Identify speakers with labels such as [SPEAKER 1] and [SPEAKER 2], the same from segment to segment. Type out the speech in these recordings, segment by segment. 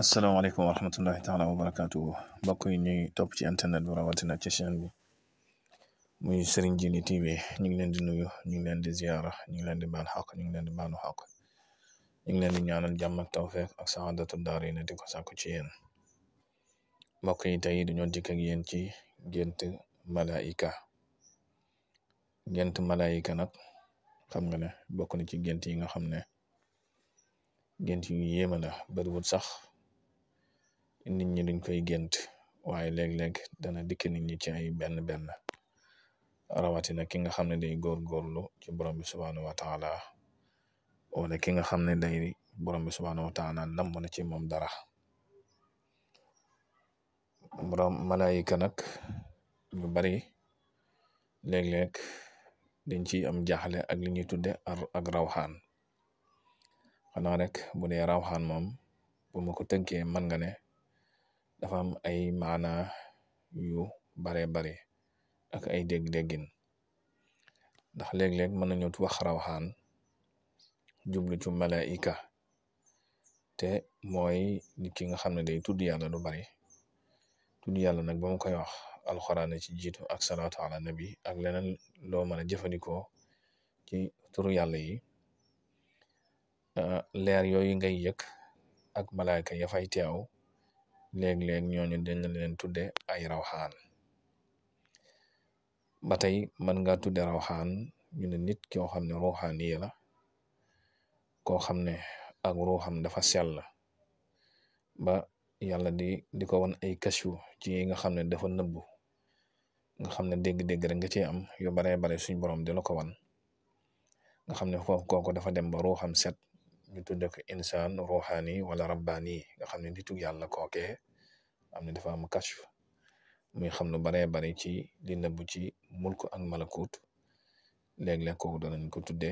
[SPEAKER 1] asalaamaaleykum wa rahmatullahi taala wa barakaatu mbokk yi ñuy topp ci internet bi rawatina ci chaîne bi muy Serigne Djily TV ñu ngi leen di nuyu ñu ngi leen di ziara ñu ngi leen di baal xaq ñu ngi leen di baalu xaq ñu ngi leen di ñaanal jàmm ak tawfeex ak saxaadatu daar yi ne ko sàkku ci yéen mbokk yi tey dañoo dikk ak yéen ci gént malaayika gént malaayika nag xam nga ne bokk na ci gént yi nga xam ne yi yu yéeme la bëriwul sax nit ñi dañ koy gént waaye léeg-léeg dana dikk nit ñi ci ay benn benn rawatina ki nga xam ne day góorgóorlu ci borom bi subhaanahu wa taala wala ki nga xam ne day borom bi subhaanahu wa taala namm na ci moom dara borom malaayika nag ñu bari léeg-léeg dañ ci am jaaxle ak li ñuy tudde ak rawxaan xanaa rek bu dee rawxaan moom bu ma ko tënkee mën nga ne dafa am ay maana yu bare bare ak ay dégg-déggin ndax léeg-léeg mën nañu wax rawaxaan jublu ci malaika te mooy nit ki nga xam ne day tudd yàlla lu bari tudd yàlla nag ba mu koy wax alxuraan ci jiitu ak salaatu ala nabi ak leneen loo mën a jëfandikoo ci turu yàlla yi ah, leer yooyu ngay yëg ak malaika ya fay teew léeg-léeg ñooñu dañ leen tudde ay rawxaan ba tey man nga tudde rawxaan ñu ne nit koo xam ne ruuxaan yi la koo xam ne ak ruuxam dafa sell ba yàlla di di ko won ay kashu ci yi nga xam ne dafa nëbbu nga xam ne dégg-dégg rek nga ci am yu baree bare suñ borom di la ko wan nga xam ne foofu kooku dafa dem ba ruuxam set ñu tudde ko insaan ruhani wala rabbaani nga xam ne nitu yàlla kookee am ne dafa am kashf muy xam lu baree bari ci li nëbbu ci mulk ko malakut léeg-léeg kooku danañ ko tudde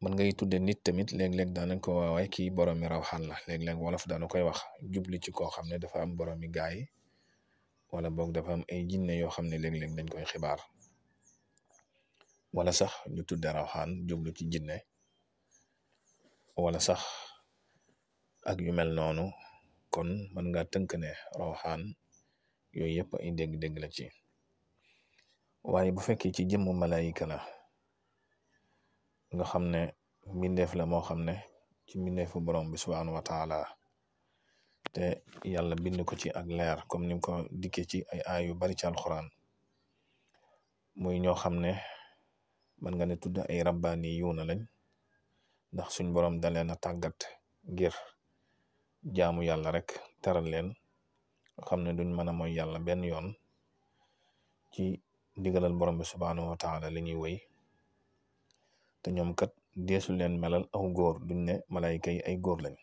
[SPEAKER 1] man mën ngay tudde nit tamit léeg-léeg daanañ ko waawaay kii boroomi rawxaan la léeg-léeg wolof daano koy wax jubli ci koo xam ne dafa am boroomi gaay wala boog dafa am ay jinne yoo xam ne léeg-léeg dañ koy xibaar wala sax ñu tudde rawxaan jublu ci jinne wala sax ak yu mel noonu kon mën nga tënk ne rawxaan yooyu yëpp ay dégg-dégg la ci waaye bu fekkee ci jëmm malayika la nga xam ne mbindeef la moo xam ne ci mbindeefu borom bi subhaanahu wa te yàlla bind ko ci ak leer comme nim ko dikkee ci ay aay yu bari ci alxuraan muy ñoo xam ne mën nga ne tudd ay rabbaani yuuna lañ ndax suñ borom dalee na tàggat ngir jaamu yàlla rek tara leen xam ne duñ mën a mooy yàlla benn yoon ci ndigalal borom bi subhaanahu wa taala li ñuy wéy te ñoom kat deesu leen melal aw góor duñ ne malayka yi ay góor lañ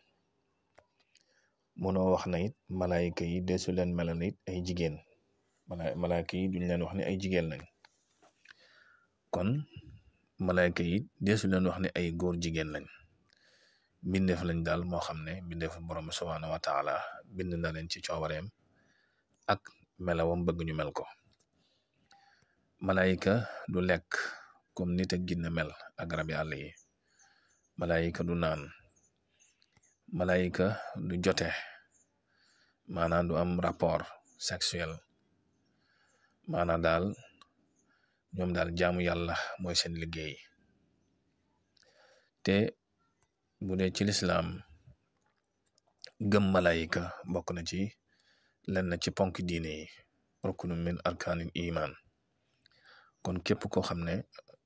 [SPEAKER 1] mënoo wax na it malayka yi deesu leen melal it ay jigéen mala malayka yi duñ leen wax ne ay jigéen lañ kon malayka yi deesu leen wax ne ay góor jigéen lañ mbindeef lañ daal moo xam ne mbindeefu borom subhaanahu wa taala na leen ci coobareem ak melawam bëgg ñu mel ko malayka du lekk comme nit ak mel ak rabi àll yi malayka du naan malayka du jote maanaam du am rapport sexuel maanaam daal ñoom daal jaamu yàlla mooy seen liggéey te bu dee ci lislaam gëm malayka bokk na ci na ci ponk diine yi ruknu min arkaanil iman kon képp koo xam ne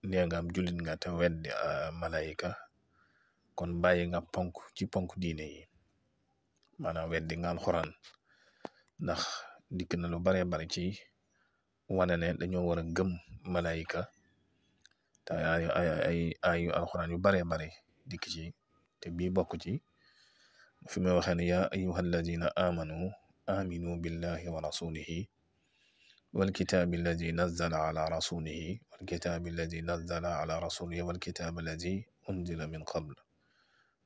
[SPEAKER 1] nee nga am jullit nga te weddi ah, malayka kon bàyyi nga ponk ci ponk diine yi maanaam weddi nga alxuraan ndax dikk na lu bare bare ci wane ne dañoo war a gëm malaayika te ay ay ay ay alxuraan yu baree bare dikk ci te bii bokk ci fi may waxee ne yaa ayuha alladina amanu aminu billahi wa rasulihi والكتاب الذي نزل على رسوله والكتاب الذي نزل على رسوله والكتاب الذي أنزل من قبل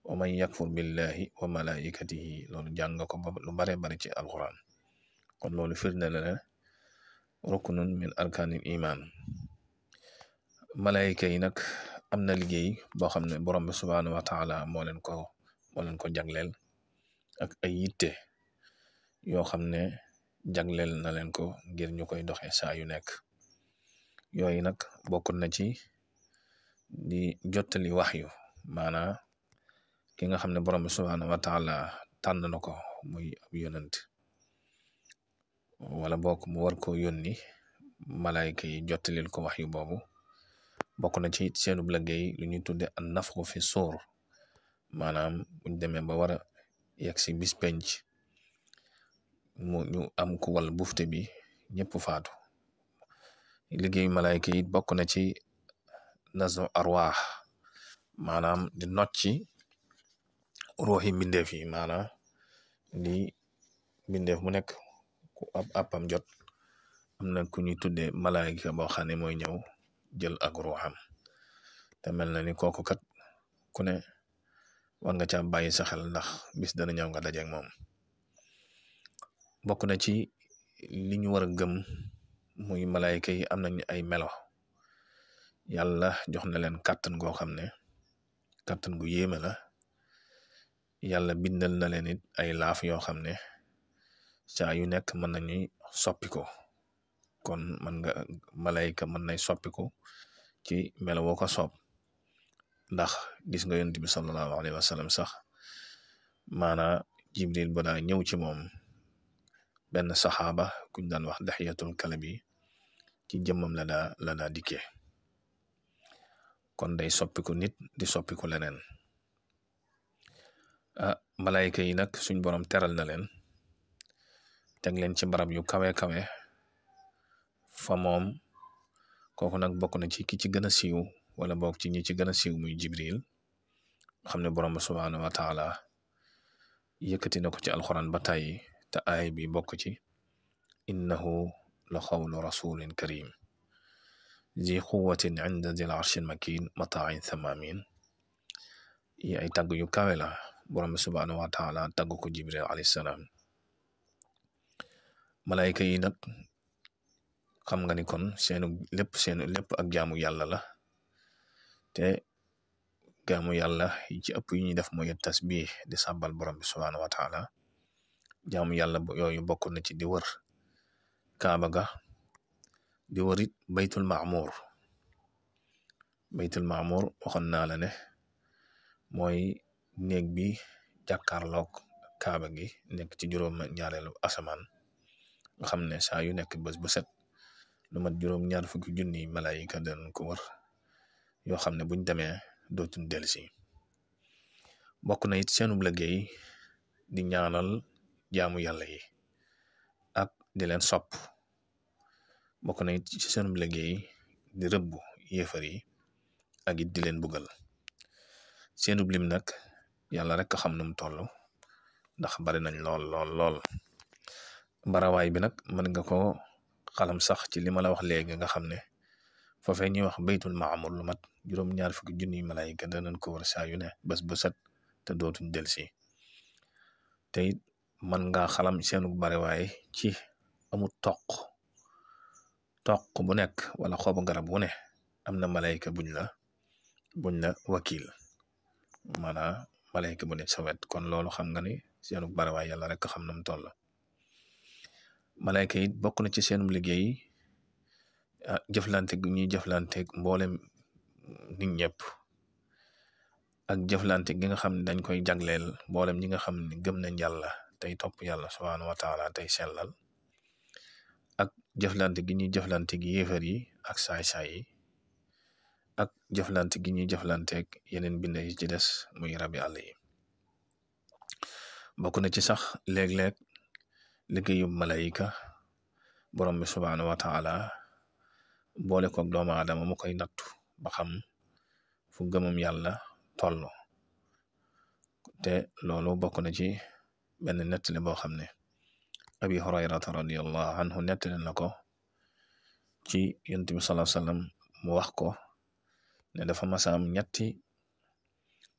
[SPEAKER 1] ومن يكفر بالله وملائكته لون جانغكم لو بري بري القرآن قل لول فرنا لنا ruknun min arkaanil iman malayka yi nag am na liggéey boo xam ne borom bi subhaanahu wa taala moo leen ko moo ko jagleel ak ay yitte yoo xam ne jagleel na leen ko ngir ñu koy doxee saa yu nekk yooyu nag bokk na ci di jottali wax yu maanaa ki nga xam ne borom bi subhaanahu wa taala tànn na ko muy ab yonent wala bokk mu war ko yónni malaayka yi jottalil ko wax yu boobu bokk na ci seenub liggéey lu ñu tudde an nafxu fi suur maanaam buñ demee ba war a yegg si bis penc mu ñu am ku wal bufte bi ñëpp faatu liggéey malaayka yi bokk na ci nasu arwaax maanaam di nocci ruuxi mbindeef yi maanaam di mbindeef mu nekk ku ab appam jot am na ku ñuy tuddee malaayika boo xam ne mooy ñëw jël ak xam te mel na ni kooku kat ku ne war nga caa bàyyi sa xel ndax bis dana ñëw nga dajeeg moom bokk na ci li ñu war a gëm muy malaayika yi am nañ ay melo yàlla jox na leen kàttan goo xam ne kàttan gu yéeme la yàlla bindal na leen it ay laaf yoo xam ne saa yu nekk mën nañuy soppi ko kon mën nga malayka mën nay soppiku ci melo woo ko soob ndax gis nga yonent bi sallallahu alayhi wa sax maanaa jibril ba daa ñëw ci moom benn saxaaba kuñ daan wax daxiyatul kalabi ci jëmmam la daa la kon day soppiku nit di soppiku leneen ah malayka yi nag suñ borom teral na leen teg leen ci barab yu kawe kawe fa moom kooku nag bokk na ci ki ci gën a siiw wala bokk ci ñi ci gën a siiw muy Jibril xam ne borom subhaanahu wa taala yëkkati na ko ci alxuraan ba tàyyi te aay bi bokk ci innahu la xawlu rasulin karim zi quwatin inda zil arshin makin mataain thamamin yi ay tagg yu kawe la borom subhaanahu wa taala tagg ko Jibril alayhi salaam malaayka yi nag xam nga ni kon seenu lépp seenu lépp ak jaamu yàlla la te jaamu yàlla yi ci ëpp yi ñuy def mooy tasbih di sàbbal borom bi subhaanahu wa taala jaamu yàlla yooyu na ci di wër kaaba ga di wër it baytul maamur baytul maamur waxoon naa la ne mooy néeg bi jàkkaarloog kaaba gi nekk ci juróom ñaareelu asamaan nga xam ne saa yu nekk bés bu set mat juróom-ñaar fukki junni malaayika dañ ko wër yoo xam ne buñ demee dootuñ dellusi bokk na it seenub liggéey di ñaanal jaamu yàlla yi ak di leen sopp bokk na it ci liggéey di rëbb yéefar yi ak it di leen buggal seenub lim nag yàlla rek xam nu mu toll ndax bari nañ lool lool lool barawaay bi nag mën nga ko xalam sax ci li ma la wax léegi nga xam ne foofee ñuy wax baytul maamur lu mat juróom-ñaar fukki junniy malaayika danañ ko war saa yu ne bés bu set te dootuñ del si te it mën nga xalam seenu barawaay ci amul toq toq bu nekk wala xobu garab wu ne am na malayka buñ la buñ la wakiil maanaam malayka bu ne sa kon loolu xam nga ni seenu barawaay yàlla rek xam na mu toll malayka yi bokk na ci seenum liggéey ah, jëflante gi ñuy jëflanteeg mboolem nit ñëpp ak jëflante gi nga xam ne dañ koy jagleel mboolem ñi nga xam ne gëm nañ yàlla tey topp yàlla subhaanahu wa taala tey sellal ak jëflante gi ñuy jëflante gi yi ak saay yi ak jëflante gi ñuy jëflanteeg yeneen bind yi ci des muy rabi àll yi bokk na ci sax léeg-léeg liggéeyub malayka borom bi subhaanahu wa boole koog doomu aadama mu koy nattu ba xam fu gëmam yàlla toll te loolu bokk na ci benn nettali boo xam ne abi hurayrata radiallahu anhu nettali na ko ci yonent bi sallallahu alayhi mu wax ko ne dafa masa am ñetti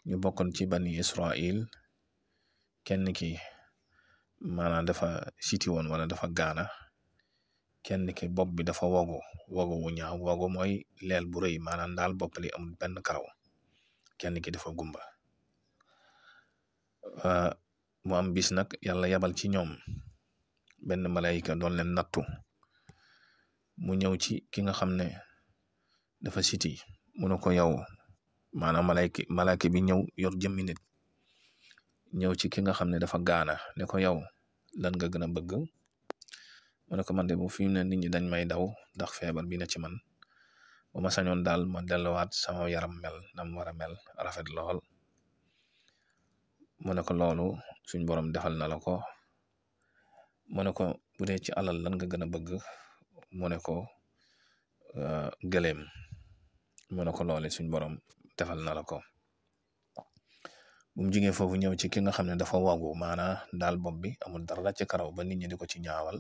[SPEAKER 1] ñu bokkoon ci bani israil kenn ki maanaam dafa siti woon wala dafa gaana kenn ki bopp bi dafa wogu wogu wu ñaaw wogu mooy leel bu rëy maanaam daal bopp li amul benn karaw kenn ki dafa gumba mu am bis nag yàlla yabal ci ñoom benn malayka doon leen natu mu ñëw ci ki nga xam ne dafa siti mu ne ko yow maanaam malayka malayka bi ñëw yor jëmmi nit ñëw ci ki nga xam ne dafa gaana ne ko yow lan nga gën a bëgg mu ne ko man de bu fi mu ne nit ñi dañ may daw ndax feebar bi na ci man bu ma sañoon daal ma dellowaat sama yaram mel na mu war a mel rafet lool mu ne ko loolu suñ borom defal na la ko mu ne ko bu dee ci alal lan nga gën a bëgg mu ne ko euh, gëléem mu ne ko loole suñ borom defal na la ko. bu mu jugee foofu ñëw ci ki nga xam ne dafa waggu maanaa daal bopp bi amul dara ci karaw ba nit ñi di ko ci ñaawal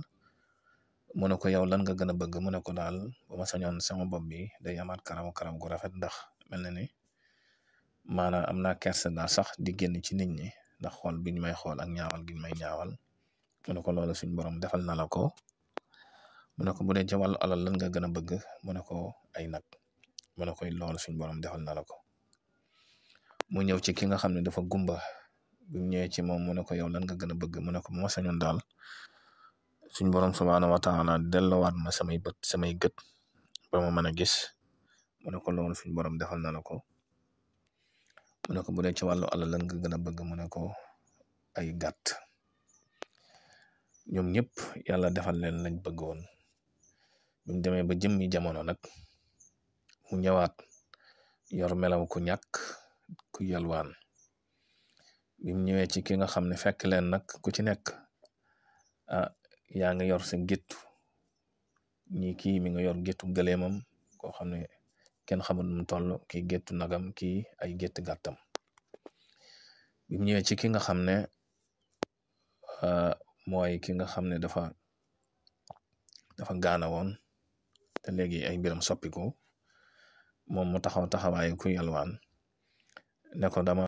[SPEAKER 1] mu ne ko yow lan nga gën a bëgg mu ne daal ba ma sañoon sama bopp bi day amaat karaw karaw gu rafet ndax mel na ni maanaam am naa kersa daal sax di génn ci nit ñi ndax xool bi ñu may xool ak ñaawal gi may ñaawal mu ne ko loolu suñ borom defal na ko mu ne ko bu dee ci wàllu lan nga gën a bëgg mu ne ko ay nag mu koy ko loolu suñ borom defal na la ko. mu ñëw ci ki nga xam ne dafa gumba bi mu ñëwee ci moom mu ne ko yow lan nga gën a bëgg mu ne ko ma sañoon daal suñ borom subhaanahu wa taala dellowaat ma samay bët samay gët ba ma mën a gis mu ne ko lool fiñ borom defal na la ko mu ne ko bu dee ci wàllu àll lan nga gën a bëgg mu ne ko ay gàtt ñoom ñëpp yàlla defal leen lañ bëgg woon mu demee ba jëmmi jamono nag mu ñëwaat yor melaw ku ñàkk. ku yalwaan bim ñëwee ci ki nga xam ne fekk leen nag ku ci nekk ah yaa ngi yor sa géttu ñi kii mi nga yor géttu gëleemam koo xam ne kenn xamul mu toll kii géttu nagam kii ay gétt gàttam bim ñëwee ci ki nga xam ne ah, mooy ki nga xam ne dafa dafa gaana woon te léegi ay mbiram soppiku moom mu taxaw taxawaayu ku yalwaan ne ko dama